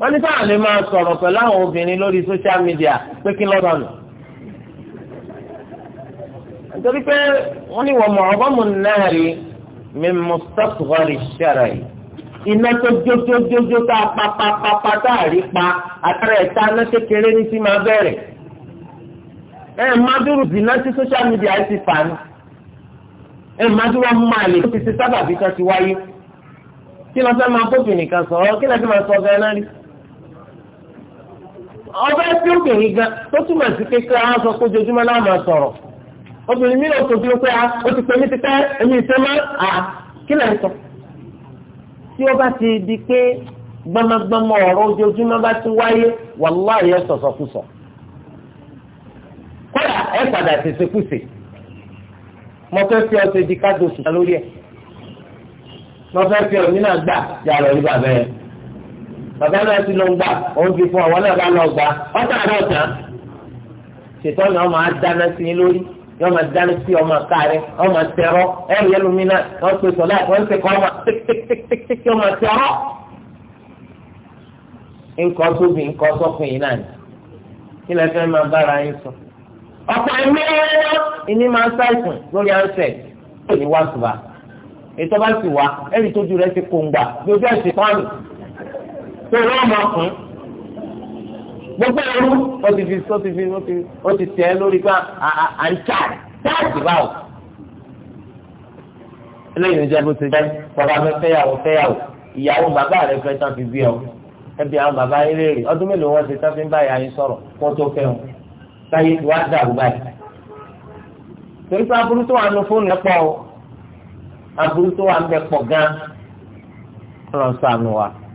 wọ́n ní sáà lè máa sọ̀rọ̀ pẹ̀lú àwọn obìnrin lórí social media pé kí lọ́dọ̀ nù. nítorí pé wọ́n ní wọ́n mọ̀ ọ́gọ́mù náà rí mi mọ̀ sọ́kùrọ̀rì ṣẹ̀rẹ̀ yìí. iná tó jójójójó tá a papapapa tá a rí pa àtàrà ẹ̀ta iná kékeré ní sí máa bẹ̀rẹ̀. ẹ madúró zina sí social media ẹ ti fà ní. ẹ madúró máa lè fi ti sábàbí kan ti wáyé. kí lọ́sẹ̀ máa bóbìnrin kan sọ̀rọ̀ kí lọ́sẹ̀ máa sọ ọbẹ̀ tí obìnrin gan tó túmọ̀ sí pé kí wọ́n sọ pé ojoojúmọ́ náà máa sọ̀rọ̀ obìnrin mi náà tó dúró pé ó ti pè mí ti pẹ́ èmi ìfẹ́ mọ́ à kí lẹ̀ ń sọ. tí ó bá ti di pé gbọmọgbọmọ ọ̀rọ̀ ojoojúmọ́ bá ti wáyé wàláhì ẹ̀ sọ̀sọ̀kùsọ̀ kódà ẹ̀ padà tẹ̀sẹ̀kùsẹ̀ mo fẹ́ fi ọ̀sẹ̀ di kájọ sùn lórí ẹ̀ mo fẹ́ fi ọ̀mí náà gbà yàrá orí bàbá yẹn bàbá náà ti lọ gbà òun fi fún àwọn náà bá lọ gbà ọ̀tá àná ọ̀tá ṣètò ọ̀nà ọmọ adáná sí lórí yọọ ma dáná sí ọmọ àkàrẹ ọmọ àtẹrọ ẹrù yẹlòmínà wọn pe sọlá wọn pe kọ ọmọ tíktíktíktíkí ọmọ àtẹrọ. nǹkan tóbi nǹkan sọkùnrin náà ni kí lè fẹ́ máa bára yín sọ. ọ̀pọ̀ ẹ̀mí ẹ̀rọ ìní máa ṣàìsàn lórí ansẹ̀ tó ní wá sùbà ètò bá sì wá ẹ̀rí tójú rẹ̀ ti kó ń gbà lójú ẹ̀sìn pọ́nù tó wọ́n mọ̀ fún gbogbo ẹrú ó ti fi ó ti fi ó ti ó ti tẹ̀ ẹ́ lórí pé à ń tà táàtì báwò. eléyìí ń jẹ́ bó ti jẹ́ bàbá mi fẹ́yàwó fẹ́yàwó ìyàwó bàbá rẹ̀ fẹ́ tán fi bí ọ ẹbí àwọn bàbá yín léèrè ọdún mélòó wọn ti tán fi ń bá ìyá yín sọ̀rọ̀ kó tó fẹ́ wọn táyé tí wàá dàrú báyìí. torí pé aburú tó wà nù fóònù ẹ̀ pọ̀ aburú tó wà ń bẹ pọ̀ gan-an. ọlọ́run ṣàánú wa.